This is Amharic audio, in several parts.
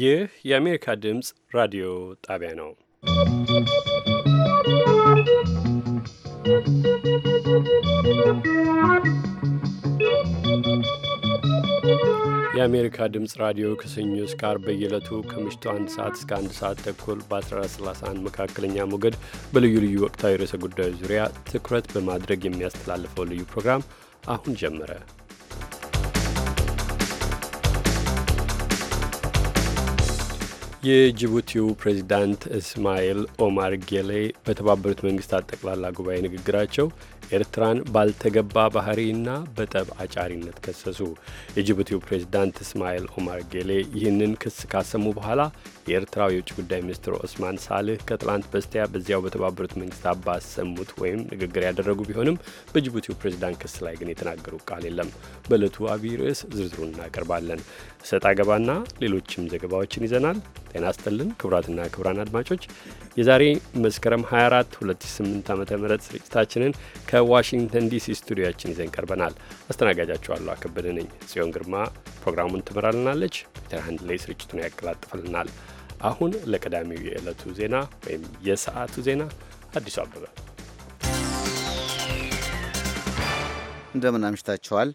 ይህ የአሜሪካ ድምፅ ራዲዮ ጣቢያ ነው። የአሜሪካ ድምፅ ራዲዮ ከሰኞ እስከ በየለቱ በየዕለቱ ከምሽቱ አንድ ሰዓት እስከ አንድ ሰዓት ተኩል በ1431 መካከለኛ ሞገድ በልዩ ልዩ ወቅታዊ ርዕሰ ጉዳዮች ዙሪያ ትኩረት በማድረግ የሚያስተላልፈው ልዩ ፕሮግራም አሁን ጀመረ። የጅቡቲው ፕሬዚዳንት እስማኤል ኦማር ጌሌ በተባበሩት መንግስታት ጠቅላላ ጉባኤ ንግግራቸው ኤርትራን ባልተገባ ባህሪና በጠብ አጫሪነት ከሰሱ። የጅቡቲው ፕሬዚዳንት እስማኤል ኦማር ጌሌ ይህንን ክስ ካሰሙ በኋላ የኤርትራው የውጭ ጉዳይ ሚኒስትር ኦስማን ሳልህ ከትላንት በስቲያ በዚያው በተባበሩት መንግስታት ባሰሙት ወይም ንግግር ያደረጉ ቢሆንም በጅቡቲው ፕሬዚዳንት ክስ ላይ ግን የተናገሩ ቃል የለም። በእለቱ አብይ ርዕስ ዝርዝሩን እናቀርባለን። ሰጥ አገባና ሌሎችም ዘገባዎችን ይዘናል። ጤና ይስጥልን ክቡራትና ክቡራን አድማጮች የዛሬ መስከረም 24 2008 ዓ ም ስርጭታችንን ከዋሽንግተን ዲሲ ስቱዲዮችን ይዘን ቀርበናል። አስተናጋጃችኋሉ አከበደ ነኝ። ጽዮን ግርማ ፕሮግራሙን ትመራልናለች። ፒተር ሃንድሌይ ስርጭቱን ያቀላጥፍልናል። አሁን ለቀዳሚው የዕለቱ ዜና ወይም የሰዓቱ ዜና አዲሱ አበበ እንደምን አምሽታችኋል።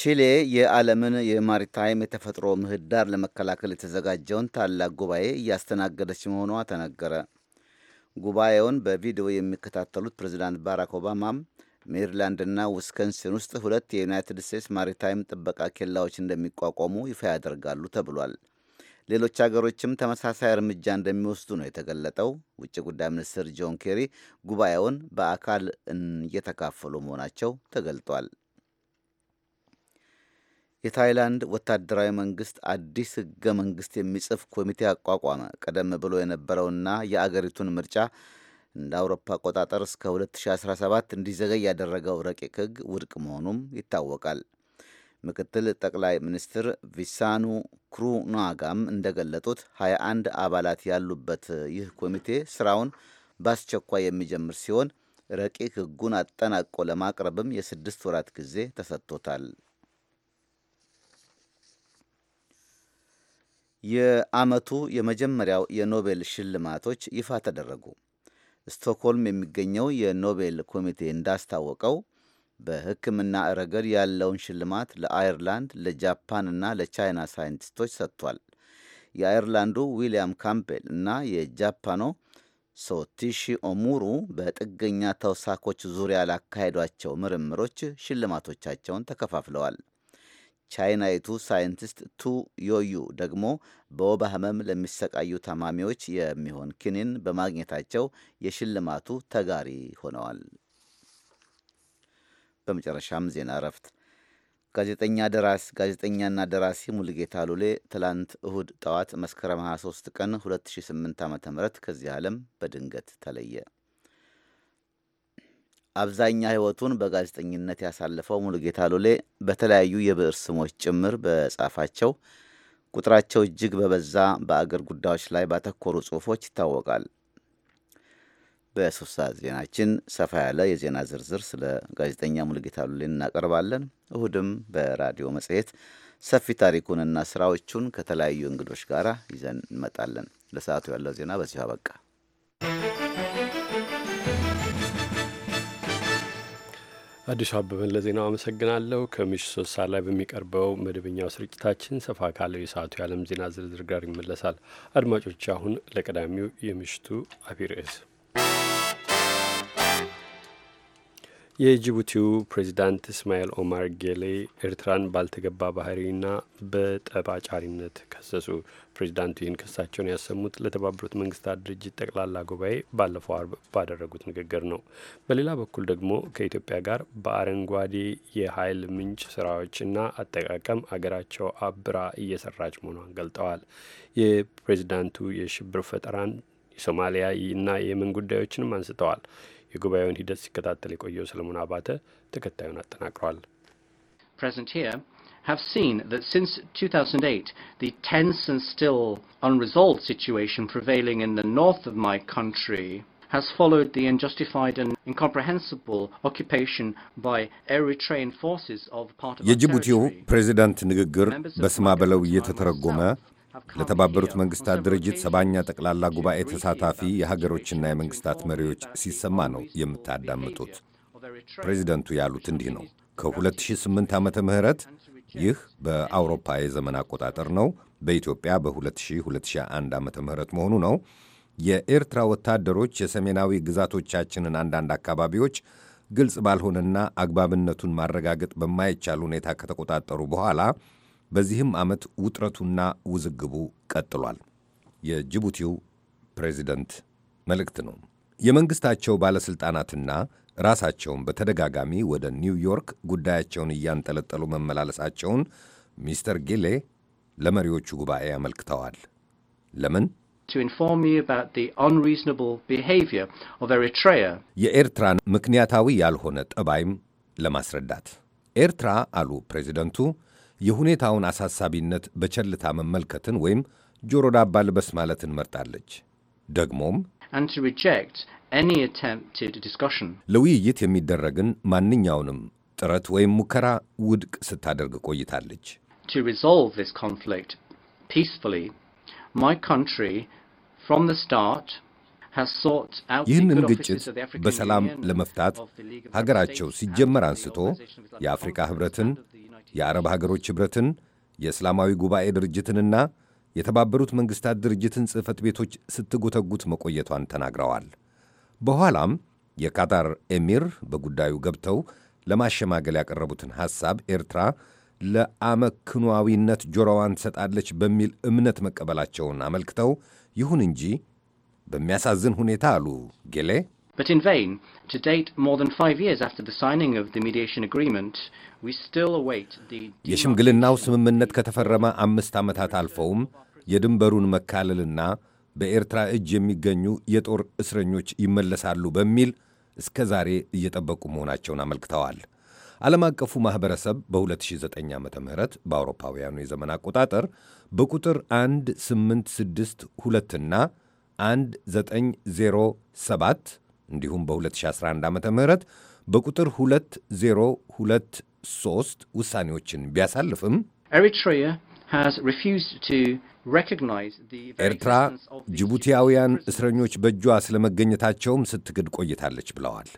ቺሌ የዓለምን የማሪታይም የተፈጥሮ ምህዳር ለመከላከል የተዘጋጀውን ታላቅ ጉባኤ እያስተናገደች መሆኗ ተነገረ። ጉባኤውን በቪዲዮ የሚከታተሉት ፕሬዚዳንት ባራክ ኦባማም ሜሪላንድና ዊስከንሲን ውስጥ ሁለት የዩናይትድ ስቴትስ ማሪታይም ጥበቃ ኬላዎች እንደሚቋቋሙ ይፋ ያደርጋሉ ተብሏል። ሌሎች አገሮችም ተመሳሳይ እርምጃ እንደሚወስዱ ነው የተገለጠው። ውጭ ጉዳይ ሚኒስትር ጆን ኬሪ ጉባኤውን በአካል እየተካፈሉ መሆናቸው ተገልጧል። የታይላንድ ወታደራዊ መንግስት አዲስ ህገ መንግስት የሚጽፍ ኮሚቴ አቋቋመ። ቀደም ብሎ የነበረውና የአገሪቱን ምርጫ እንደ አውሮፓ አቆጣጠር እስከ 2017 እንዲዘገይ ያደረገው ረቂቅ ህግ ውድቅ መሆኑም ይታወቃል። ምክትል ጠቅላይ ሚኒስትር ቪሳኑ ክሩናጋም እንደገለጡት 21 አባላት ያሉበት ይህ ኮሚቴ ስራውን በአስቸኳይ የሚጀምር ሲሆን ረቂቅ ህጉን አጠናቆ ለማቅረብም የስድስት ወራት ጊዜ ተሰጥቶታል። የዓመቱ የመጀመሪያው የኖቤል ሽልማቶች ይፋ ተደረጉ። ስቶክሆልም የሚገኘው የኖቤል ኮሚቴ እንዳስታወቀው በሕክምና ረገድ ያለውን ሽልማት ለአይርላንድ ለጃፓን እና ለቻይና ሳይንቲስቶች ሰጥቷል። የአይርላንዱ ዊልያም ካምፔል እና የጃፓኖ ሶቲሺ ኦሙሩ በጥገኛ ተውሳኮች ዙሪያ ላካሄዷቸው ምርምሮች ሽልማቶቻቸውን ተከፋፍለዋል። ቻይናዊቱ ሳይንቲስት ቱ ዮዩ ደግሞ በወባ ህመም ለሚሰቃዩ ታማሚዎች የሚሆን ክኒን በማግኘታቸው የሽልማቱ ተጋሪ ሆነዋል። በመጨረሻም ዜና እረፍት። ጋዜጠኛ ደራሲ ጋዜጠኛና ደራሲ ሙልጌታ ሉሌ ትላንት እሁድ ጠዋት መስከረም 23 ቀን 2008 ዓ ም ከዚህ ዓለም በድንገት ተለየ። አብዛኛ ሕይወቱን በጋዜጠኝነት ያሳለፈው ሙሉጌታ ሎሌ በተለያዩ የብዕር ስሞች ጭምር በጻፋቸው ቁጥራቸው እጅግ በበዛ በአገር ጉዳዮች ላይ ባተኮሩ ጽሑፎች ይታወቃል። በሶስት ሰዓት ዜናችን ሰፋ ያለ የዜና ዝርዝር ስለ ጋዜጠኛ ሙሉጌታ ሎሌ እናቀርባለን። እሁድም በራዲዮ መጽሔት ሰፊ ታሪኩንና ስራዎቹን ከተለያዩ እንግዶች ጋር ይዘን እንመጣለን። ለሰዓቱ ያለው ዜና በዚሁ አበቃ። አዲሱ አበበን ለዜናው አመሰግናለሁ። ከምሽት ሶስት ሰዓት ላይ በሚቀርበው መደበኛው ስርጭታችን ሰፋ ካለው የሰዓቱ የዓለም ዜና ዝርዝር ጋር ይመለሳል። አድማጮች፣ አሁን ለቀዳሚው የምሽቱ አቢይ ርዕስ የጅቡቲው ፕሬዚዳንት እስማኤል ኦማር ጌሌ ኤርትራን ባልተገባ ባህሪና በጠባጫሪነት ከሰሱ። ፕሬዚዳንቱ ይህን ክሳቸውን ያሰሙት ለተባበሩት መንግስታት ድርጅት ጠቅላላ ጉባኤ ባለፈው አርብ ባደረጉት ንግግር ነው። በሌላ በኩል ደግሞ ከኢትዮጵያ ጋር በአረንጓዴ የኃይል ምንጭ ስራዎችና አጠቃቀም አገራቸው አብራ እየሰራች መሆኗን ገልጠዋል። የፕሬዚዳንቱ የሽብር ፈጠራን የሶማሊያ እና የየመን ጉዳዮችንም አንስተዋል። የጉባኤውን ሂደት ሲከታተል የቆየው ሰለሞን አባተ ተከታዩን አጠናቅሯል። present here have seen that since 2008 the tense and still unresolved situation prevailing in the north of my country has followed the unjustified and incomprehensible occupation by Eritrean forces of part of የጅቡቲው ፕሬዚዳንት ንግግር በስማ በለው እየተተረጎመ ለተባበሩት መንግስታት ድርጅት ሰባኛ ጠቅላላ ጉባኤ ተሳታፊ የሀገሮችና የመንግስታት መሪዎች ሲሰማ ነው የምታዳምጡት። ፕሬዚደንቱ ያሉት እንዲህ ነው። ከ2008 ዓመተ ምህረት ይህ በአውሮፓ የዘመን አቆጣጠር ነው። በኢትዮጵያ በ2000/2001 ዓመተ ምህረት መሆኑ ነው። የኤርትራ ወታደሮች የሰሜናዊ ግዛቶቻችንን አንዳንድ አካባቢዎች ግልጽ ባልሆነና አግባብነቱን ማረጋገጥ በማይቻል ሁኔታ ከተቆጣጠሩ በኋላ በዚህም ዓመት ውጥረቱና ውዝግቡ ቀጥሏል። የጅቡቲው ፕሬዚደንት መልእክት ነው። የመንግሥታቸው ባለሥልጣናትና ራሳቸውን በተደጋጋሚ ወደ ኒውዮርክ ጉዳያቸውን እያንጠለጠሉ መመላለሳቸውን ሚስተር ጌሌ ለመሪዎቹ ጉባኤ አመልክተዋል። ለምን? የኤርትራን ምክንያታዊ ያልሆነ ጠባይም ለማስረዳት ኤርትራ አሉ ፕሬዚደንቱ የሁኔታውን አሳሳቢነት በቸልታ መመልከትን ወይም ጆሮ ዳባ ልበስ ማለትን መርጣለች። ደግሞም ለውይይት የሚደረግን ማንኛውንም ጥረት ወይም ሙከራ ውድቅ ስታደርግ ቆይታለች። ይህንን ግጭት በሰላም ለመፍታት ሀገራቸው ሲጀመር አንስቶ የአፍሪካ ሕብረትን የአረብ ሀገሮች ኅብረትን፣ የእስላማዊ ጉባኤ ድርጅትንና የተባበሩት መንግሥታት ድርጅትን ጽሕፈት ቤቶች ስትጎተጉት መቆየቷን ተናግረዋል። በኋላም የካታር ኤሚር በጉዳዩ ገብተው ለማሸማገል ያቀረቡትን ሐሳብ ኤርትራ ለአመክኗዊነት ጆሮዋን ትሰጣለች በሚል እምነት መቀበላቸውን አመልክተው ይሁን እንጂ በሚያሳዝን ሁኔታ አሉ ጌሌ But in vain, to date, more than five years after the signing of the mediation agreement, we still await the... የሽምግልናው ስምምነት ከተፈረመ አምስት ዓመታት አልፈውም የድንበሩን መካለልና በኤርትራ እጅ የሚገኙ የጦር እስረኞች ይመለሳሉ በሚል እስከ ዛሬ እየጠበቁ መሆናቸውን አመልክተዋል። ዓለም አቀፉ ማኅበረሰብ በ2009 ዓ ም በአውሮፓውያኑ የዘመን አቆጣጠር በቁጥር 1 8 6 2ና 1 እንዲሁም በ2011 ዓ ም በቁጥር 2023 ውሳኔዎችን ቢያሳልፍም ኤርትራ ጅቡቲያውያን እስረኞች በእጇ ስለመገኘታቸውም ስትግድ ቆይታለች ብለዋል።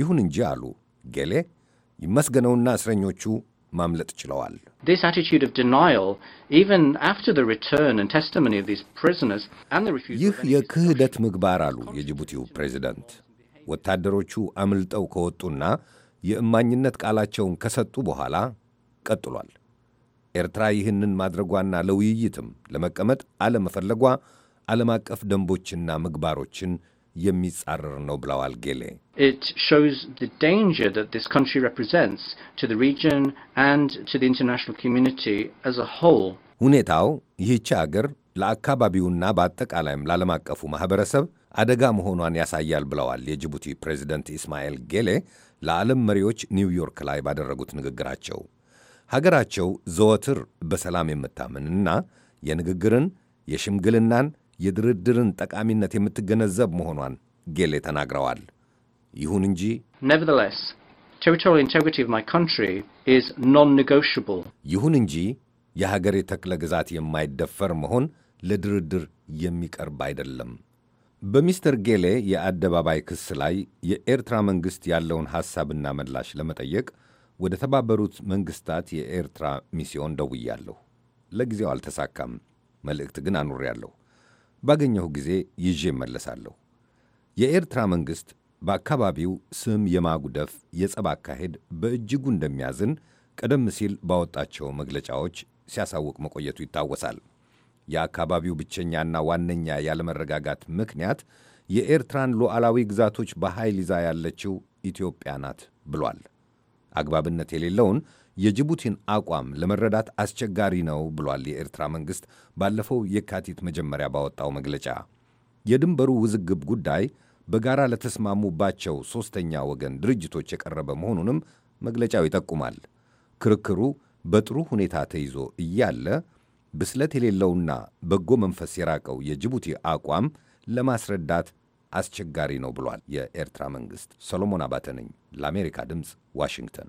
ይሁን እንጂ አሉ ጌሌ ይመስገነውና እስረኞቹ ማምለጥ ችለዋል። ይህ የክህደት ምግባር አሉ የጅቡቲው ፕሬዚደንት ወታደሮቹ አምልጠው ከወጡና የእማኝነት ቃላቸውን ከሰጡ በኋላ ቀጥሏል። ኤርትራ ይህንን ማድረጓና ለውይይትም ለመቀመጥ አለመፈለጓ ዓለም አቀፍ ደንቦችና ምግባሮችን የሚጻረር ነው ብለዋል ጌሌ። ሁኔታው ይህች አገር ለአካባቢውና በአጠቃላይም ላለም አቀፉ ማኅበረሰብ አደጋ መሆኗን ያሳያል ብለዋል የጅቡቲ ፕሬዚደንት ኢስማኤል ጌሌ ለዓለም መሪዎች ኒውዮርክ ላይ ባደረጉት ንግግራቸው። ሀገራቸው ዘወትር በሰላም የምታምንና የንግግርን፣ የሽምግልናን፣ የድርድርን ጠቃሚነት የምትገነዘብ መሆኗን ጌሌ ተናግረዋል። ይሁን እንጂ ይሁን እንጂ የሀገሬ ተክለ ግዛት የማይደፈር መሆን ለድርድር የሚቀርብ አይደለም በሚስተር ጌሌ የአደባባይ ክስ ላይ የኤርትራ መንግሥት ያለውን ሐሳብና ምላሽ ለመጠየቅ ወደ ተባበሩት መንግሥታት የኤርትራ ሚስዮን ደውያለሁ። ለጊዜው አልተሳካም። መልእክት ግን አኑሬያለሁ። ባገኘሁ ጊዜ ይዤ እመለሳለሁ። የኤርትራ መንግሥት በአካባቢው ስም የማጉደፍ የጸብ አካሄድ በእጅጉ እንደሚያዝን ቀደም ሲል ባወጣቸው መግለጫዎች ሲያሳውቅ መቆየቱ ይታወሳል። የአካባቢው ብቸኛና ዋነኛ ያለመረጋጋት ምክንያት የኤርትራን ሉዓላዊ ግዛቶች በኃይል ይዛ ያለችው ኢትዮጵያ ናት ብሏል። አግባብነት የሌለውን የጅቡቲን አቋም ለመረዳት አስቸጋሪ ነው ብሏል። የኤርትራ መንግሥት ባለፈው የካቲት መጀመሪያ ባወጣው መግለጫ የድንበሩ ውዝግብ ጉዳይ በጋራ ለተስማሙባቸው ሦስተኛ ወገን ድርጅቶች የቀረበ መሆኑንም መግለጫው ይጠቁማል። ክርክሩ በጥሩ ሁኔታ ተይዞ እያለ ብስለት የሌለውና በጎ መንፈስ የራቀው የጅቡቲ አቋም ለማስረዳት አስቸጋሪ ነው ብሏል የኤርትራ መንግሥት። ሰሎሞን አባተ ነኝ ለአሜሪካ ድምፅ ዋሽንግተን።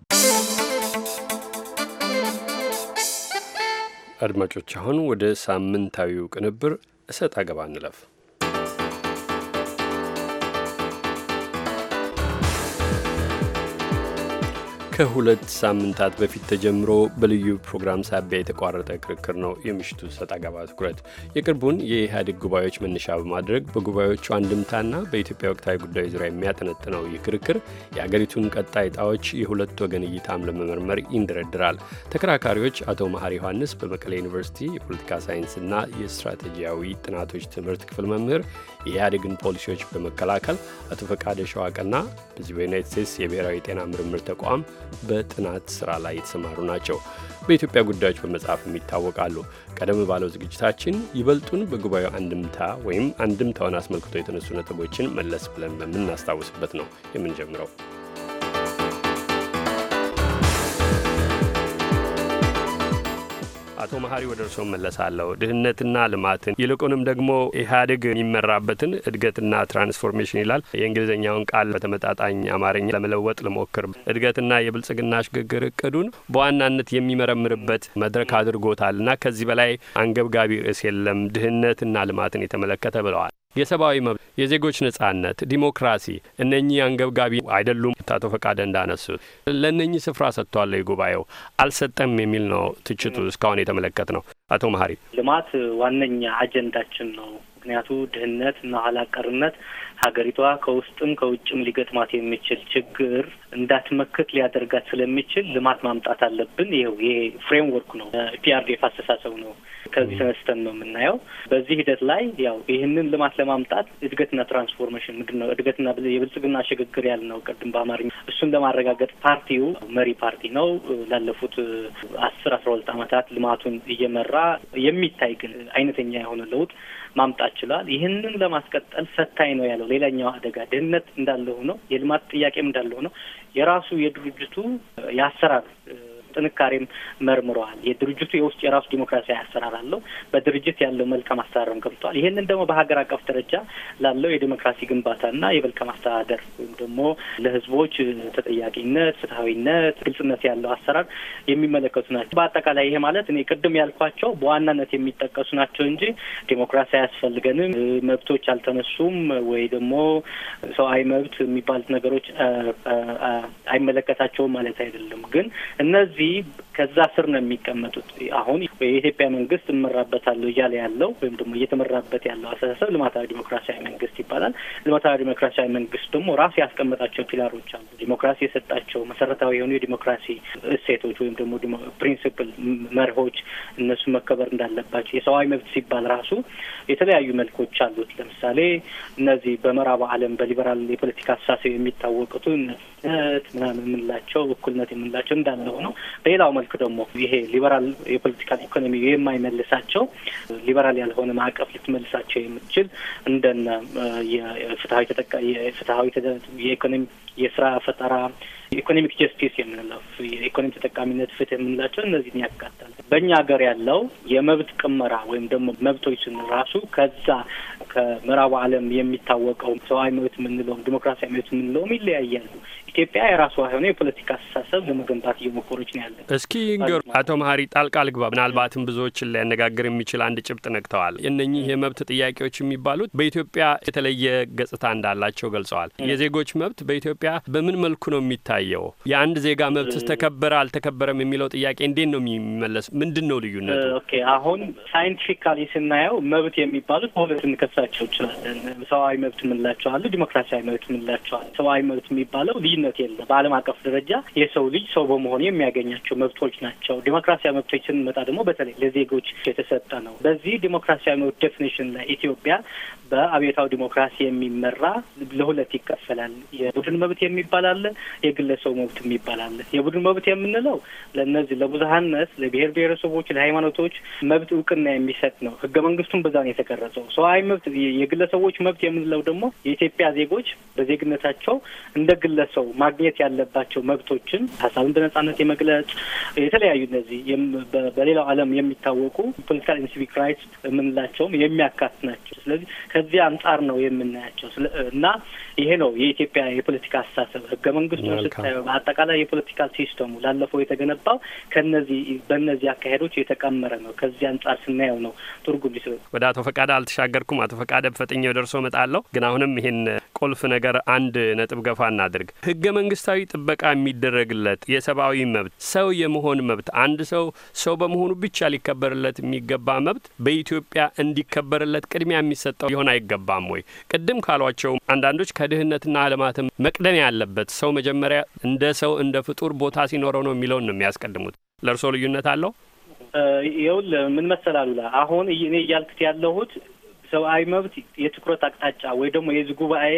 አድማጮች አሁን ወደ ሳምንታዊው ቅንብር እሰጥ አገባ እንለፍ። ከሁለት ሳምንታት በፊት ተጀምሮ በልዩ ፕሮግራም ሳቢያ የተቋረጠ ክርክር ነው የምሽቱ ሰጥ አገባ ትኩረት። የቅርቡን የኢህአዴግ ጉባኤዎች መነሻ በማድረግ በጉባኤዎቹ አንድምታና በኢትዮጵያ ወቅታዊ ጉዳዮች ዙሪያ የሚያጠነጥነው ይህ ክርክር የአገሪቱን ቀጣይ ጣዎች የሁለት ወገን እይታም ለመመርመር ይንደረድራል። ተከራካሪዎች አቶ መሐሪ ዮሐንስ በመቀሌ ዩኒቨርሲቲ የፖለቲካ ሳይንስና የስትራቴጂያዊ ጥናቶች ትምህርት ክፍል መምህር የኢህአዴግን ፖሊሲዎች በመከላከል አቶ ፈቃደ ሸዋቀና በዚህ በዩናይት ስቴትስ የብሔራዊ ጤና ምርምር ተቋም በጥናት ስራ ላይ የተሰማሩ ናቸው። በኢትዮጵያ ጉዳዮች በመጽሐፍም ይታወቃሉ። ቀደም ባለው ዝግጅታችን ይበልጡን በጉባኤው አንድምታ ወይም አንድምታውን አስመልክቶ የተነሱ ነጥቦችን መለስ ብለን በምናስታውስበት ነው የምንጀምረው። አቶ መሀሪ ወደ እርስዎ መለሳለሁ። ድህነትና ልማትን ይልቁንም ደግሞ ኢህአዴግ የሚመራበትን እድገትና ትራንስፎርሜሽን ይላል። የእንግሊዝኛውን ቃል በተመጣጣኝ አማርኛ ለመለወጥ ልሞክር። እድገትና የብልጽግና ሽግግር እቅዱን በዋናነት የሚመረምርበት መድረክ አድርጎታልና ከዚህ በላይ አንገብጋቢ ርዕስ የለም ድህነትና ልማትን የተመለከተ ብለዋል። የሰብአዊ መብት፣ የዜጎች ነጻነት፣ ዲሞክራሲ እነኚህ አንገብጋቢ አይደሉም? አቶ ፈቃደ እንዳነሱት ለእነኚህ ስፍራ ሰጥቷል ጉባኤው አልሰጠም የሚል ነው ትችቱ። እስካሁን የተመለከት ነው። አቶ መሀሪ ልማት ዋነኛ አጀንዳችን ነው። ምክንያቱ ድህነት እና ኋላ ሀገሪቷ ከውስጥም ከውጭም ሊገጥማት የሚችል ችግር እንዳትመክት ሊያደርጋት ስለሚችል ልማት ማምጣት አለብን። ይኸው ይሄ ፍሬምወርክ ነው፣ ፒአርዴፍ አስተሳሰብ ነው። ከዚህ ተነስተን ነው የምናየው። በዚህ ሂደት ላይ ያው ይህንን ልማት ለማምጣት እድገትና ትራንስፎርሜሽን ምንድን ነው? እድገትና የብልጽግና ሽግግር ያልነው ቅድም በአማርኛ እሱን ለማረጋገጥ ፓርቲው መሪ ፓርቲ ነው። ላለፉት አስር አስራ ሁለት ዓመታት ልማቱን እየመራ የሚታይ ግን አይነተኛ የሆነ ለውጥ ማምጣት ችሏል። ይህንን ለማስቀጠል ፈታኝ ነው ያለው ሌላኛው አደጋ ድህነት እንዳለ ሆኖ የልማት ጥያቄም እንዳለ ሆኖ የራሱ የድርጅቱ የአሰራር ጥንካሬም መርምረዋል። የድርጅቱ የውስጥ የራሱ ዲሞክራሲያዊ አሰራር አለው። በድርጅት ያለው መልካም አሰራርም ገብቷል። ይህንን ደግሞ በሀገር አቀፍ ደረጃ ላለው የዲሞክራሲ ግንባታና የመልካም አስተዳደር ወይም ደግሞ ለህዝቦች ተጠያቂነት፣ ፍትሀዊነት፣ ግልጽነት ያለው አሰራር የሚመለከቱ ናቸው። በአጠቃላይ ይሄ ማለት እኔ ቅድም ያልኳቸው በዋናነት የሚጠቀሱ ናቸው እንጂ ዲሞክራሲ አያስፈልገንም፣ መብቶች አልተነሱም ወይ ደግሞ ሰብአዊ መብት የሚባሉት ነገሮች አይመለከታቸውም ማለት አይደለም። ግን እነዚህ ከዛ ስር ነው የሚቀመጡት። አሁን የኢትዮጵያ መንግስት እመራበታለሁ እያለ ያለው ወይም ደግሞ እየተመራበት ያለው አስተሳሰብ ልማታዊ ዲሞክራሲያዊ መንግስት ይባላል። ልማታዊ ዲሞክራሲያዊ መንግስት ደግሞ ራሱ ያስቀመጣቸው ፒላሮች አሉ። ዲሞክራሲ የሰጣቸው መሰረታዊ የሆኑ የዲሞክራሲ እሴቶች ወይም ደግሞ ፕሪንስፕል መርሆች፣ እነሱ መከበር እንዳለባቸው የሰብአዊ መብት ሲባል ራሱ የተለያዩ መልኮች አሉት። ለምሳሌ እነዚህ በምዕራብ ዓለም በሊበራል የፖለቲካ አስተሳሰብ የሚታወቁት ምናምን የምንላቸው እኩልነት የምንላቸው እንዳለ ሆነው በሌላው መልኩ ደግሞ ይሄ ሊበራል የፖለቲካል ኢኮኖሚ የማይመልሳቸው ሊበራል ያልሆነ ማዕቀፍ ልትመልሳቸው የምትችል እንደነ የፍትሀዊ ተጠቃ የፍትሀዊ የኢኮኖሚ የስራ ፈጠራ ኢኮኖሚክ ጀስቲስ የምንለው የኢኮኖሚ ተጠቃሚነት ፍትህ የምንላቸው እነዚህን ያካታል። በእኛ ሀገር ያለው የመብት ቅመራ ወይም ደግሞ መብቶችን ራሱ ከዛ ከምዕራቡ ዓለም የሚታወቀው ሰብአዊ መብት የምንለውም ዲሞክራሲያዊ መብት የምንለውም ይለያያሉ። ኢትዮጵያ የራሷ የሆነ የፖለቲካ አስተሳሰብ ለመገንባት እየሞከረች ነው ያለን። እስኪ ንገሩ አቶ መሀሪ ጣልቃ ልግባ። ምናልባትም ብዙዎችን ሊያነጋግር የሚችል አንድ ጭብጥ ነክተዋል። እነኚህ የመብት ጥያቄዎች የሚባሉት በኢትዮጵያ የተለየ ገጽታ እንዳላቸው ገልጸዋል። የዜጎች መብት በኢትዮጵያ በምን መልኩ ነው የሚታ የሚታየው? የአንድ ዜጋ መብት ተከበረ አልተከበረም የሚለው ጥያቄ እንዴት ነው የሚመለስ? ምንድን ነው ልዩነቱ? ኦኬ አሁን ሳይንቲፊካሊ ስናየው መብት የሚባሉት በሁለት እንከሳቸው ይችላለን። ሰብአዊ መብት የምንላቸው አሉ፣ ዲሞክራሲያዊ መብት የምንላቸው አሉ። ሰብአዊ መብት የሚባለው ልዩነት የለም። በዓለም አቀፍ ደረጃ የሰው ልጅ ሰው በመሆኑ የሚያገኛቸው መብቶች ናቸው። ዲሞክራሲያዊ መብቶች ስንመጣ ደግሞ በተለይ ለዜጎች የተሰጠ ነው። በዚህ ዲሞክራሲያዊ መብት ዴፊኒሽን ላይ ኢትዮጵያ በአብዮታዊ ዲሞክራሲ የሚመራ ለሁለት ይከፈላል። የቡድን መብት የሚባል አለ፣ የግለሰቡ መብት የሚባል አለ። የቡድን መብት የምንለው ለእነዚህ ለብዝሀነት፣ ለብሔር ብሔረሰቦች፣ ለሃይማኖቶች መብት እውቅና የሚሰጥ ነው። ህገ መንግስቱን በዛ ነው የተቀረጸው። ሰብአዊ መብት፣ የግለሰቦች መብት የምንለው ደግሞ የኢትዮጵያ ዜጎች በዜግነታቸው እንደ ግለሰቡ ማግኘት ያለባቸው መብቶችን ሀሳብን በነጻነት የመግለጽ የተለያዩ እነዚህ በሌላው ዓለም የሚታወቁ ፖለቲካል ኢንሲቪክ ራይትስ የምንላቸውም የሚያካት ናቸው። ስለዚህ ከዚህ አንጻር ነው የምናያቸው እና ይሄ ነው የኢትዮጵያ የፖለቲካ አስተሳሰብ ህገ መንግስቱ ስታየው በአጠቃላይ የፖለቲካ ሲስተሙ ላለፈው የተገነባው ከነዚህ በእነዚህ አካሄዶች የተቀመረ ነው። ከዚህ አንጻር ስናየው ነው ትርጉም ሊስ ወደ አቶ ፈቃደ አልተሻገርኩም። አቶ ፈቃደ በፈጠኛው ደርሶ መጣለሁ ግን አሁንም ይሄን ቁልፍ ነገር አንድ ነጥብ ገፋ እናድርግ። ህገ መንግስታዊ ጥበቃ የሚደረግለት የሰብአዊ መብት ሰው የመሆን መብት አንድ ሰው ሰው በመሆኑ ብቻ ሊከበርለት የሚገባ መብት በኢትዮጵያ እንዲከበርለት ቅድሚያ የሚሰጠው የሆነ ሊሆን አይገባም ወይ? ቅድም ካሏቸው አንዳንዶች ከድህነትና ልማትም መቅደም ያለበት ሰው መጀመሪያ እንደ ሰው እንደ ፍጡር ቦታ ሲኖረው ነው የሚለውን ነው የሚያስቀድሙት። ለእርሶ ልዩነት አለው? ይኸውል ምን መሰል አሉላ፣ አሁን እኔ እያልኩት ያለሁት ሰብአዊ መብት የትኩረት አቅጣጫ ወይ ደግሞ የዚ ጉባኤ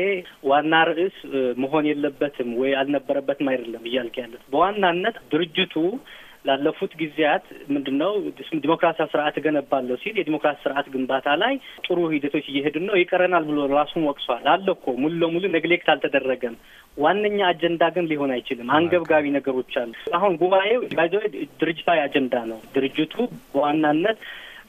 ዋና ርዕስ መሆን የለበትም ወይ አልነበረበትም አይደለም እያልክ ያለት በዋናነት ድርጅቱ ላለፉት ጊዜያት ምንድነው ዲሞክራሲያዊ ስርዓት እገነባለሁ ሲል የዲሞክራሲ ስርዓት ግንባታ ላይ ጥሩ ሂደቶች እየሄዱ ነው፣ ይቀረናል ብሎ ራሱን ወቅሷል። አለ እኮ ሙሉ ለሙሉ ነግሌክት አልተደረገም። ዋነኛ አጀንዳ ግን ሊሆን አይችልም። አንገብጋቢ ነገሮች አሉ። አሁን ጉባኤው ባይዘ ድርጅታዊ አጀንዳ ነው። ድርጅቱ በዋናነት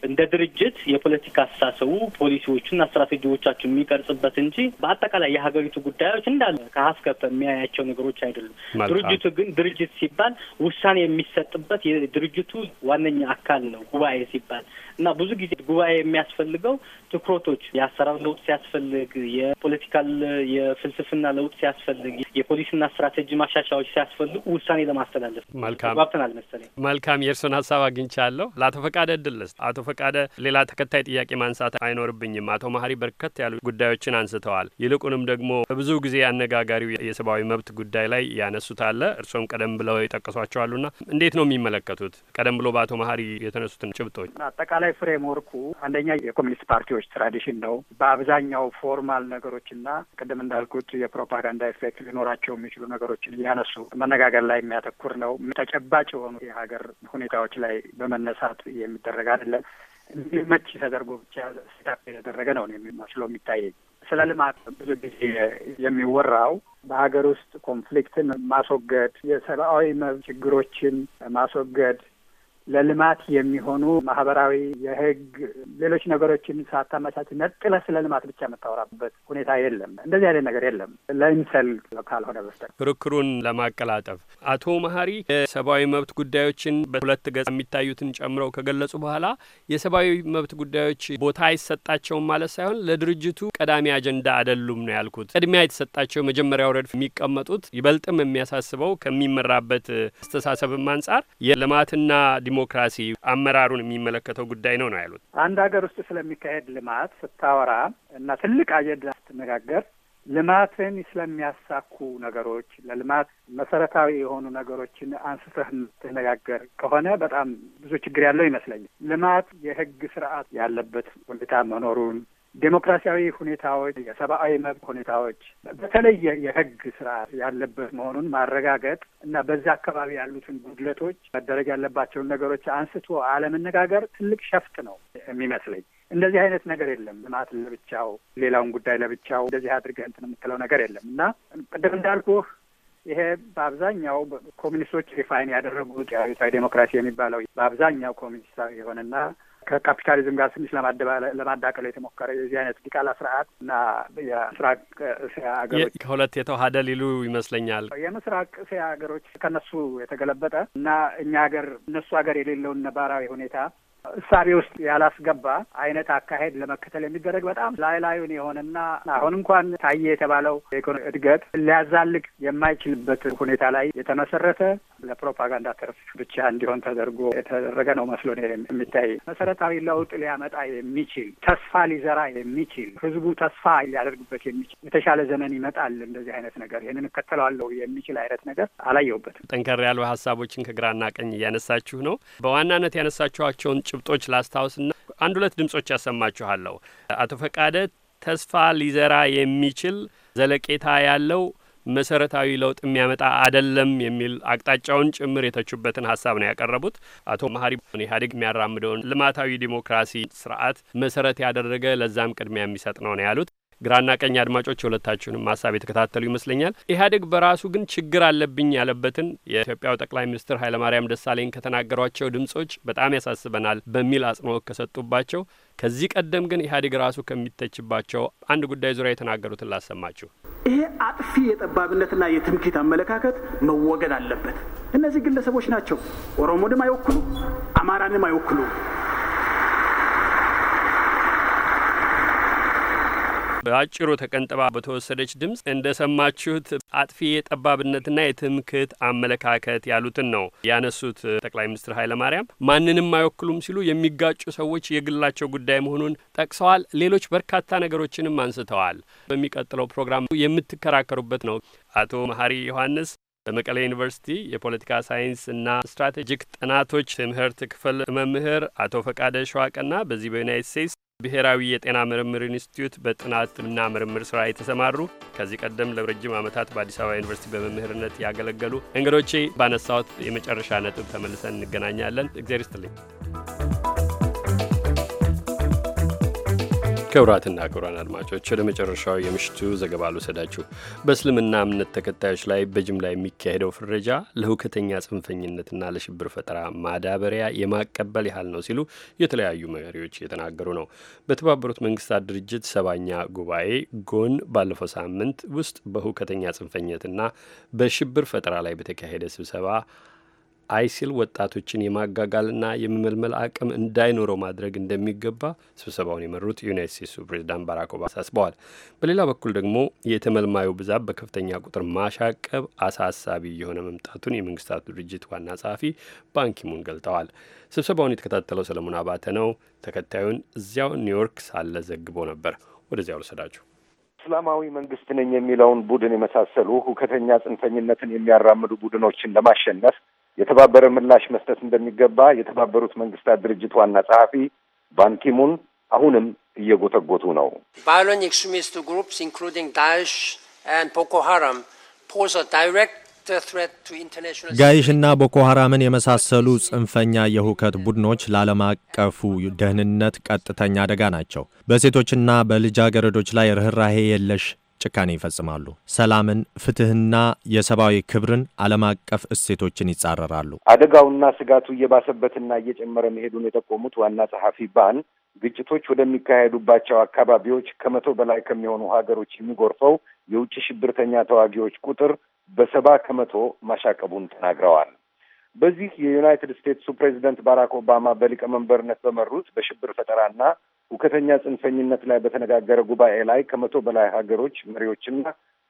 እንደ ድርጅት የፖለቲካ አስተሳሰቡ ፖሊሲዎችና ስትራቴጂዎቻችን የሚቀርጽበት እንጂ በአጠቃላይ የሀገሪቱ ጉዳዮች እንዳለ ከሀፍ ከፍ የሚያያቸው ነገሮች አይደሉም። ድርጅቱ ግን ድርጅት ሲባል ውሳኔ የሚሰጥበት የድርጅቱ ዋነኛ አካል ነው ጉባኤ ሲባል እና ብዙ ጊዜ ጉባኤ የሚያስፈልገው ትኩረቶች የአሰራር ለውጥ ሲያስፈልግ፣ የፖለቲካል የፍልስፍና ለውጥ ሲያስፈልግ፣ የፖሊስና ስትራቴጂ ማሻሻያዎች ሲያስፈልጉ ውሳኔ ለማስተላለፍ መልካም ባብተናል መሰለኝ። መልካም የእርስዎን ሀሳብ አግኝቻለሁ። ለአቶ ፈቃደ ድልስ አቶ ፈቃደ ሌላ ተከታይ ጥያቄ ማንሳት አይኖርብኝም። አቶ መሀሪ በርከት ያሉ ጉዳዮችን አንስተዋል። ይልቁንም ደግሞ ብዙ ጊዜ አነጋጋሪው የሰብአዊ መብት ጉዳይ ላይ ያነሱት አለ። እርስዎም ቀደም ብለው ይጠቀሷቸዋሉና እንዴት ነው የሚመለከቱት? ቀደም ብሎ በአቶ መሀሪ የተነሱትን ጭብጦች አጠቃላይ ህጋዊ ፍሬምወርኩ አንደኛ የኮሚኒስት ፓርቲዎች ትራዲሽን ነው። በአብዛኛው ፎርማል ነገሮችና ቅድም እንዳልኩት የፕሮፓጋንዳ ኤፌክት ሊኖራቸው የሚችሉ ነገሮችን እያነሱ መነጋገር ላይ የሚያተኩር ነው። ተጨባጭ የሆኑ የሀገር ሁኔታዎች ላይ በመነሳት የሚደረግ አይደለም። እንዲመች ተደርጎ ብቻ ስታፍ የተደረገ ነው የሚመስለው የሚታየኝ። ስለ ልማት ብዙ ጊዜ የሚወራው በሀገር ውስጥ ኮንፍሊክትን ማስወገድ፣ የሰብአዊ መብት ችግሮችን ማስወገድ፣ ለልማት የሚሆኑ ማህበራዊ፣ የህግ፣ ሌሎች ነገሮችን ሳታመቻች ነጥለ ስለ ልማት ብቻ የምታወራበት ሁኔታ የለም። እንደዚህ አይነት ነገር የለም ለይምሰል ካልሆነ በስተቀር ክርክሩን ለማቀላጠፍ አቶ መሀሪ የሰብአዊ መብት ጉዳዮችን በሁለት ገጽ የሚታዩትን ጨምረው ከገለጹ በኋላ የሰብአዊ መብት ጉዳዮች ቦታ አይሰጣቸውም ማለት ሳይሆን ለድርጅቱ ቀዳሚ አጀንዳ አይደሉም ነው ያልኩት። ቅድሚያ የተሰጣቸው የመጀመሪያው ረድፍ የሚቀመጡት ይበልጥም የሚያሳስበው ከሚመራበት አስተሳሰብም አንጻር የልማትና ዲሞ ዲሞክራሲ አመራሩን የሚመለከተው ጉዳይ ነው ነው ያሉት። አንድ ሀገር ውስጥ ስለሚካሄድ ልማት ስታወራ እና ትልቅ አጀንዳ ስትነጋገር ልማትን ስለሚያሳኩ ነገሮች ለልማት መሰረታዊ የሆኑ ነገሮችን አንስተህ ትነጋገር ከሆነ በጣም ብዙ ችግር ያለው ይመስለኛል። ልማት የህግ ስርዓት ያለበት ሁኔታ መኖሩን ዴሞክራሲያዊ ሁኔታዎች፣ የሰብአዊ መብት ሁኔታዎች በተለይ የህግ ስርዓት ያለበት መሆኑን ማረጋገጥ እና በዛ አካባቢ ያሉትን ጉድለቶች መደረግ ያለባቸውን ነገሮች አንስቶ አለመነጋገር ትልቅ ሸፍት ነው የሚመስለኝ። እንደዚህ አይነት ነገር የለም። ልማት ለብቻው፣ ሌላውን ጉዳይ ለብቻው እንደዚህ አድርገህ እንትን የምትለው ነገር የለም እና ቅድም እንዳልኩህ ይሄ በአብዛኛው ኮሚኒስቶች ሪፋይን ያደረጉት የአብዮታዊ ዴሞክራሲ የሚባለው በአብዛኛው ኮሚኒስታዊ የሆነና ከካፒታሊዝም ጋር ትንሽ ለማዳቀል የተሞከረ የዚህ አይነት ዲቃላ ስርዓት እና የምስራቅ እስያ ሀገሮች ከሁለት የተዋሃደ ሊሉ ይመስለኛል። የምስራቅ እስያ ሀገሮች ከነሱ የተገለበጠ እና እኛ ሀገር እነሱ ሀገር የሌለውን ነባራዊ ሁኔታ እሳቤ ውስጥ ያላስገባ አይነት አካሄድ ለመከተል የሚደረግ በጣም ላይ ላዩን የሆነና አሁን እንኳን ታየ የተባለው የኢኮኖሚ እድገት ሊያዛልቅ የማይችልበት ሁኔታ ላይ የተመሰረተ ለፕሮፓጋንዳ ተርፍ ብቻ እንዲሆን ተደርጎ የተደረገ ነው መስሎ ነው የሚታይ። መሰረታዊ ለውጥ ሊያመጣ የሚችል ተስፋ ሊዘራ የሚችል ህዝቡ ተስፋ ሊያደርግበት የሚችል የተሻለ ዘመን ይመጣል፣ እንደዚህ አይነት ነገር ይህንን እከተለዋለሁ የሚችል አይነት ነገር አላየሁበትም። ጠንከር ያሉ ሀሳቦችን ከግራና ቀኝ እያነሳችሁ ነው። በዋናነት ያነሳችኋቸውን ጭብጦች ላስታውስና አንድ ሁለት ድምጾች ያሰማችኋለሁ። አቶ ፈቃደ ተስፋ ሊዘራ የሚችል ዘለቄታ ያለው መሰረታዊ ለውጥ የሚያመጣ አይደለም የሚል አቅጣጫውን ጭምር የተቹበትን ሀሳብ ነው ያቀረቡት። አቶ መሀሪ ኢህአዴግ የሚያራምደውን ልማታዊ ዲሞክራሲ ስርዓት መሰረት ያደረገ ለዛም ቅድሚያ የሚሰጥ ነው ነው ያሉት። ግራና ቀኝ አድማጮች የሁለታችሁንም ሀሳብ የተከታተሉ ይመስለኛል። ኢህአዴግ በራሱ ግን ችግር አለብኝ ያለበትን የኢትዮጵያው ጠቅላይ ሚኒስትር ኃይለማርያም ደሳለኝ ከተናገሯቸው ድምጾች በጣም ያሳስበናል በሚል አጽንኦት ከሰጡባቸው ከዚህ ቀደም ግን ኢህአዴግ ራሱ ከሚተችባቸው አንድ ጉዳይ ዙሪያ የተናገሩትን ላሰማችሁ። ይሄ አጥፊ የጠባብነትና የትምክህት አመለካከት መወገድ አለበት። እነዚህ ግለሰቦች ናቸው ኦሮሞንም አይወክሉ፣ አማራንም አይወክሉ። በአጭሩ ተቀንጥባ በተወሰደች ድምፅ እንደሰማችሁት አጥፊ የጠባብነትና የትምክህት አመለካከት ያሉትን ነው ያነሱት ጠቅላይ ሚኒስትር ኃይለማርያም። ማንንም አይወክሉም ሲሉ የሚጋጩ ሰዎች የግላቸው ጉዳይ መሆኑን ጠቅሰዋል። ሌሎች በርካታ ነገሮችንም አንስተዋል። በሚቀጥለው ፕሮግራም የምትከራከሩበት ነው። አቶ መሀሪ ዮሐንስ በመቀሌ ዩኒቨርሲቲ የፖለቲካ ሳይንስ እና ስትራቴጂክ ጥናቶች ትምህርት ክፍል መምህር፣ አቶ ፈቃደ ሸዋቀና በዚህ በዩናይት ስቴትስ ብሔራዊ የጤና ምርምር ኢንስቲትዩት በጥናትና ምርምር ስራ የተሰማሩ ከዚህ ቀደም ለረጅም ዓመታት በአዲስ አበባ ዩኒቨርሲቲ በመምህርነት ያገለገሉ እንግዶቼ ባነሳሁት የመጨረሻ ነጥብ ተመልሰን እንገናኛለን። እግዜር ይስጥልኝ። ክቡራትና ክቡራን አድማጮች ወደ መጨረሻው የምሽቱ ዘገባ ልውሰዳችሁ። በእስልምና እምነት ተከታዮች ላይ በጅምላ የሚካሄደው ፍረጃ ለሁከተኛ ጽንፈኝነትና ለሽብር ፈጠራ ማዳበሪያ የማቀበል ያህል ነው ሲሉ የተለያዩ መሪዎች እየተናገሩ ነው። በተባበሩት መንግስታት ድርጅት ሰባኛ ጉባኤ ጎን ባለፈው ሳምንት ውስጥ በሁከተኛ ጽንፈኝነትና በሽብር ፈጠራ ላይ በተካሄደ ስብሰባ አይሲል ወጣቶችን የማጋጋልና የመመልመል አቅም እንዳይኖረው ማድረግ እንደሚገባ ስብሰባውን የመሩት ዩናይት ስቴትሱ ፕሬዚዳንት ባራክ ኦባማ አሳስበዋል። በሌላ በኩል ደግሞ የተመልማዩ ብዛት በከፍተኛ ቁጥር ማሻቀብ አሳሳቢ የሆነ መምጣቱን የመንግስታቱ ድርጅት ዋና ጸሐፊ ባንኪሙን ገልጠዋል። ስብሰባውን የተከታተለው ሰለሞን አባተ ነው። ተከታዩን እዚያው ኒውዮርክ ሳለ ዘግቦ ነበር። ወደዚያ ልውሰዳችሁ። እስላማዊ መንግስት ነኝ የሚለውን ቡድን የመሳሰሉ ሁከተኛ ጽንፈኝነትን የሚያራምዱ ቡድኖችን ለማሸነፍ የተባበረ ምላሽ መስጠት እንደሚገባ የተባበሩት መንግስታት ድርጅት ዋና ጸሐፊ ባንኪሙን አሁንም እየጎተጎቱ ነው። ቫዮለንት ኤክስትሪሚስት ግሩፕስ ኢንክሉዲንግ ዳሽ ኤንድ ቦኮ ሃራም ፖዝ ዳይሬክት ጋይሽና ቦኮ ሐራምን የመሳሰሉ ጽንፈኛ የሁከት ቡድኖች ለዓለም አቀፉ ደህንነት ቀጥተኛ አደጋ ናቸው። በሴቶችና በልጃገረዶች ላይ ርኅራሄ የለሽ ጭካኔ ይፈጽማሉ። ሰላምን፣ ፍትህና የሰብአዊ ክብርን፣ ዓለም አቀፍ እሴቶችን ይጻረራሉ። አደጋውና ስጋቱ እየባሰበትና እየጨመረ መሄዱን የጠቆሙት ዋና ጸሐፊ ባን ግጭቶች ወደሚካሄዱባቸው አካባቢዎች ከመቶ በላይ ከሚሆኑ ሀገሮች የሚጎርፈው የውጭ ሽብርተኛ ተዋጊዎች ቁጥር በሰባ ከመቶ ማሻቀቡን ተናግረዋል። በዚህ የዩናይትድ ስቴትሱ ፕሬዚደንት ባራክ ኦባማ በሊቀመንበርነት በመሩት በሽብር ፈጠራና ውከተኛ ጽንፈኝነት ላይ በተነጋገረ ጉባኤ ላይ ከመቶ በላይ ሀገሮች መሪዎችና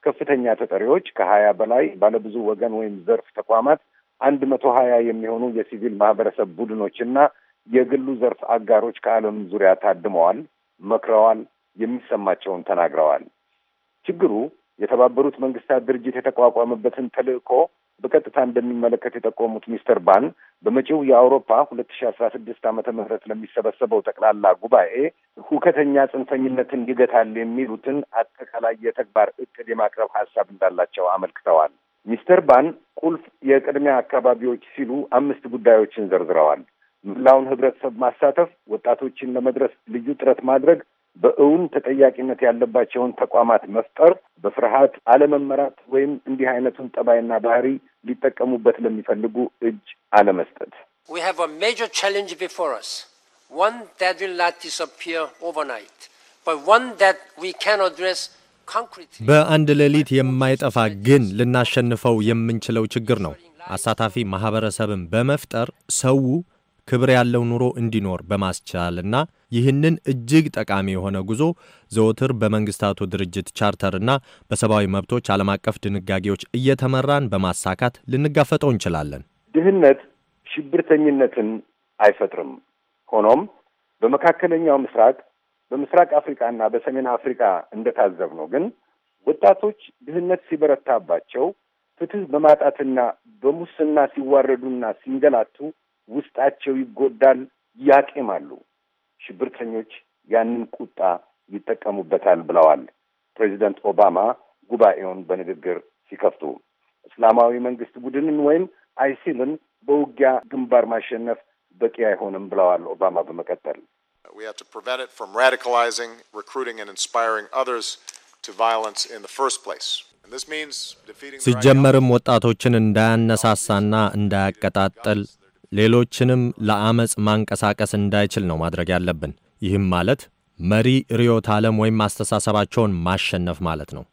ከፍተኛ ተጠሪዎች ከሀያ በላይ ባለብዙ ወገን ወይም ዘርፍ ተቋማት አንድ መቶ ሀያ የሚሆኑ የሲቪል ማህበረሰብ ቡድኖችና የግሉ ዘርፍ አጋሮች ከዓለም ዙሪያ ታድመዋል፣ መክረዋል፣ የሚሰማቸውን ተናግረዋል። ችግሩ የተባበሩት መንግስታት ድርጅት የተቋቋመበትን ተልዕኮ በቀጥታ እንደሚመለከት የጠቆሙት ሚስተር ባን በመጪው የአውሮፓ ሁለት ሺ አስራ ስድስት ዓመተ ምህረት ለሚሰበሰበው ጠቅላላ ጉባኤ ሁከተኛ ጽንፈኝነትን ይገታል የሚሉትን አጠቃላይ የተግባር እቅድ የማቅረብ ሀሳብ እንዳላቸው አመልክተዋል። ሚስተር ባን ቁልፍ የቅድሚያ አካባቢዎች ሲሉ አምስት ጉዳዮችን ዘርዝረዋል። ምላውን ህብረተሰብ ማሳተፍ፣ ወጣቶችን ለመድረስ ልዩ ጥረት ማድረግ በእውን ተጠያቂነት ያለባቸውን ተቋማት መፍጠር፣ በፍርሃት አለመመራት ወይም እንዲህ አይነቱን ጠባይና ባህሪ ሊጠቀሙበት ለሚፈልጉ እጅ አለመስጠት። በአንድ ሌሊት የማይጠፋ ግን ልናሸንፈው የምንችለው ችግር ነው። አሳታፊ ማህበረሰብን በመፍጠር ሰው ክብር ያለው ኑሮ እንዲኖር በማስቻልና ይህንን እጅግ ጠቃሚ የሆነ ጉዞ ዘወትር በመንግስታቱ ድርጅት ቻርተርና በሰብአዊ መብቶች ዓለም አቀፍ ድንጋጌዎች እየተመራን በማሳካት ልንጋፈጠው እንችላለን። ድህነት ሽብርተኝነትን አይፈጥርም። ሆኖም በመካከለኛው ምስራቅ፣ በምስራቅ አፍሪካና በሰሜን አፍሪካ እንደታዘብ ነው ግን ወጣቶች ድህነት ሲበረታባቸው ፍትህ በማጣትና በሙስና ሲዋረዱና ሲንገላቱ ውስጣቸው ይጎዳል፣ ያቄማሉ። ሽብርተኞች ያንን ቁጣ ይጠቀሙበታል ብለዋል ፕሬዚደንት ኦባማ ጉባኤውን በንግግር ሲከፍቱ። እስላማዊ መንግስት ቡድንን ወይም አይሲልን በውጊያ ግንባር ማሸነፍ በቂ አይሆንም ብለዋል ኦባማ በመቀጠል ሲጀመርም ወጣቶችን እንዳያነሳሳና እንዳያቀጣጥል ሌሎችንም ለአመፅ ማንቀሳቀስ እንዳይችል ነው ማድረግ ያለብን። ይህም ማለት መሪ ርዕዮተ ዓለም ወይም አስተሳሰባቸውን ማሸነፍ ማለት ነው።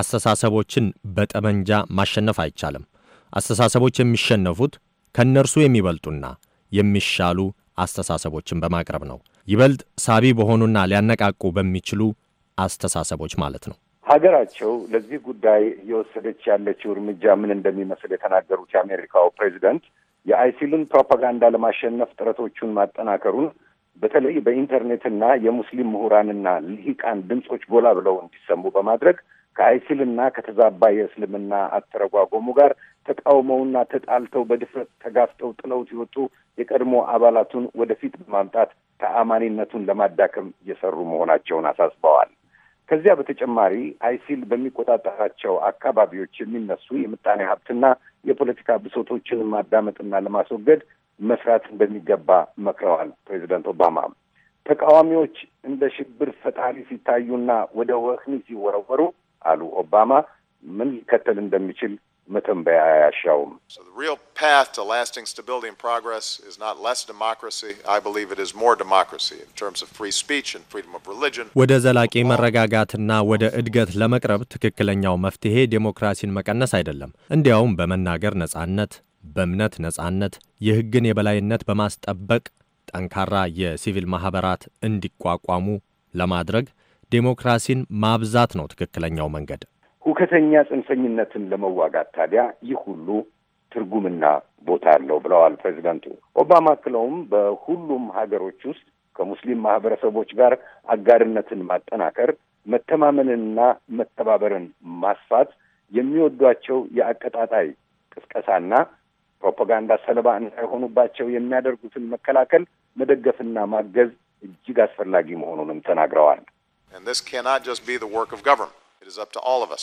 አስተሳሰቦችን በጠመንጃ ማሸነፍ አይቻልም። አስተሳሰቦች የሚሸነፉት ከእነርሱ የሚበልጡና የሚሻሉ አስተሳሰቦችን በማቅረብ ነው። ይበልጥ ሳቢ በሆኑና ሊያነቃቁ በሚችሉ አስተሳሰቦች ማለት ነው። ሀገራቸው ለዚህ ጉዳይ እየወሰደች ያለችው እርምጃ ምን እንደሚመስል የተናገሩት የአሜሪካው ፕሬዚደንት የአይሲልን ፕሮፓጋንዳ ለማሸነፍ ጥረቶቹን ማጠናከሩን በተለይ በኢንተርኔትና የሙስሊም ምሁራንና ልሂቃን ድምፆች ጎላ ብለው እንዲሰሙ በማድረግ ከአይሲልና ከተዛባ የእስልምና አተረጓጎሙ ጋር ተቃውመውና ተጣልተው በድፍረት ተጋፍጠው ጥለውት የወጡ የቀድሞ አባላቱን ወደፊት በማምጣት ተአማኒነቱን ለማዳከም እየሰሩ መሆናቸውን አሳስበዋል። ከዚያ በተጨማሪ አይሲል በሚቆጣጠራቸው አካባቢዎች የሚነሱ የምጣኔ ሀብትና የፖለቲካ ብሶቶችን ማዳመጥና ለማስወገድ መስራት እንደሚገባ መክረዋል። ፕሬዚደንት ኦባማ ተቃዋሚዎች እንደ ሽብር ፈጣሪ ሲታዩና ወደ ወህኒ ሲወረወሩ አሉ ኦባማ ምን ሊከተል እንደሚችል መተንበያ አያሻውም። ወደ ዘላቂ መረጋጋትና ወደ እድገት ለመቅረብ ትክክለኛው መፍትሄ ዴሞክራሲን መቀነስ አይደለም። እንዲያውም በመናገር ነጻነት፣ በእምነት ነጻነት፣ የሕግን የበላይነት በማስጠበቅ ጠንካራ የሲቪል ማኅበራት እንዲቋቋሙ ለማድረግ ዴሞክራሲን ማብዛት ነው ትክክለኛው መንገድ። ሁከተኛ ጽንፈኝነትን ለመዋጋት ታዲያ ይህ ሁሉ ትርጉምና ቦታ አለው ብለዋል ፕሬዚደንቱ። ኦባማ አክለውም በሁሉም ሀገሮች ውስጥ ከሙስሊም ማህበረሰቦች ጋር አጋርነትን ማጠናከር፣ መተማመንንና መተባበርን ማስፋት፣ የሚወዷቸው የአቀጣጣይ ቅስቀሳና ፕሮፓጋንዳ ሰለባ እንዳይሆኑባቸው የሚያደርጉትን መከላከል መደገፍና ማገዝ እጅግ አስፈላጊ መሆኑንም ተናግረዋል። It is up to all of us.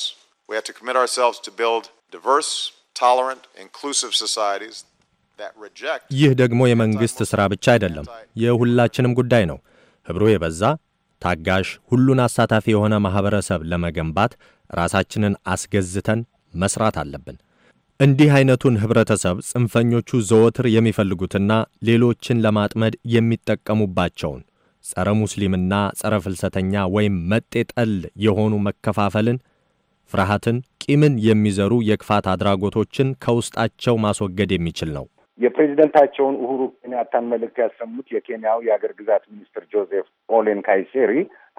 We have to commit ourselves to build diverse, tolerant, inclusive societies that reject ይህ ደግሞ የመንግስት ስራ ብቻ አይደለም፣ የሁላችንም ጉዳይ ነው። ህብሩ የበዛ ታጋሽ፣ ሁሉን አሳታፊ የሆነ ማህበረሰብ ለመገንባት ራሳችንን አስገዝተን መስራት አለብን። እንዲህ አይነቱን ህብረተሰብ ጽንፈኞቹ ዘወትር የሚፈልጉትና ሌሎችን ለማጥመድ የሚጠቀሙባቸውን ጸረ ሙስሊምና ጸረ ፍልሰተኛ ወይም መጤ ጠል የሆኑ መከፋፈልን፣ ፍርሃትን፣ ቂምን የሚዘሩ የክፋት አድራጎቶችን ከውስጣቸው ማስወገድ የሚችል ነው። የፕሬዚደንታቸውን ኡሁሩ ኬንያታን መልእክት ያሰሙት የኬንያው የአገር ግዛት ሚኒስትር ጆዜፍ ኦሌን ካይሴሪ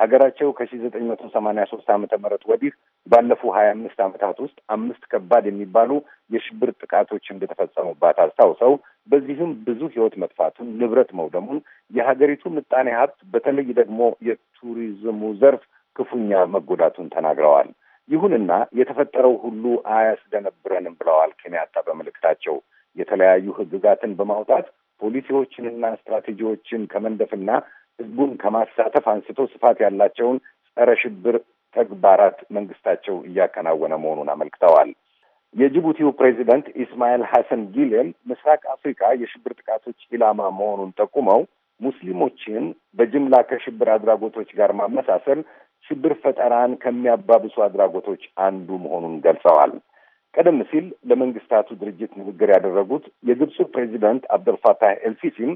ሀገራቸው ከሺ ዘጠኝ መቶ ሰማኒያ ሶስት አመተ ምህረት ወዲህ ባለፉ ሀያ አምስት ዓመታት ውስጥ አምስት ከባድ የሚባሉ የሽብር ጥቃቶች እንደተፈጸሙባት አስታውሰው በዚህም ብዙ ህይወት መጥፋቱን፣ ንብረት መውደሙን፣ የሀገሪቱ ምጣኔ ሀብት በተለይ ደግሞ የቱሪዝሙ ዘርፍ ክፉኛ መጎዳቱን ተናግረዋል። ይሁንና የተፈጠረው ሁሉ አያስደነብረንም ብለዋል ኬንያታ በመልእክታቸው የተለያዩ ህግጋትን በማውጣት ፖሊሲዎችንና ስትራቴጂዎችን ከመንደፍና ህዝቡን ከማሳተፍ አንስቶ ስፋት ያላቸውን ጸረ ሽብር ተግባራት መንግስታቸው እያከናወነ መሆኑን አመልክተዋል። የጅቡቲው ፕሬዚደንት ኢስማኤል ሐሰን ጊሌም ምስራቅ አፍሪካ የሽብር ጥቃቶች ኢላማ መሆኑን ጠቁመው ሙስሊሞችን በጅምላ ከሽብር አድራጎቶች ጋር ማመሳሰል ሽብር ፈጠራን ከሚያባብሱ አድራጎቶች አንዱ መሆኑን ገልጸዋል። ቀደም ሲል ለመንግስታቱ ድርጅት ንግግር ያደረጉት የግብፁ ፕሬዚደንት አብደልፋታህ ኤልሲሲም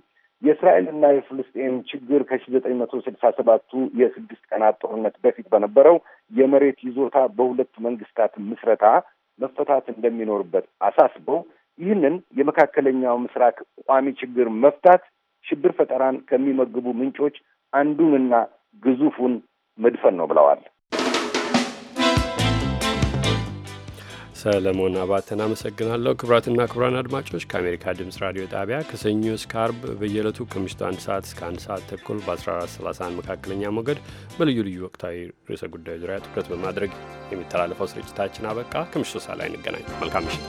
የእስራኤልና የፍልስጤም ችግር ከሺ ዘጠኝ መቶ ስልሳ ሰባቱ የስድስት ቀናት ጦርነት በፊት በነበረው የመሬት ይዞታ በሁለቱ መንግስታት ምስረታ መፈታት እንደሚኖርበት አሳስበው ይህንን የመካከለኛው ምስራቅ ቋሚ ችግር መፍታት ሽብር ፈጠራን ከሚመግቡ ምንጮች አንዱንና ግዙፉን መድፈን ነው ብለዋል። ሰለሞን አባተን አመሰግናለሁ። ክቡራትና ክቡራን አድማጮች ከአሜሪካ ድምፅ ራዲዮ ጣቢያ ከሰኞ እስከ አርብ በየዕለቱ ከምሽቱ አንድ ሰዓት እስከ አንድ ሰዓት ተኩል በ1431 መካከለኛ ሞገድ በልዩ ልዩ ወቅታዊ ርዕሰ ጉዳዮች ዙሪያ ትኩረት በማድረግ የሚተላለፈው ስርጭታችን አበቃ። ከምሽቱ ሳ ላይ እንገናኝ። መልካም ምሽት።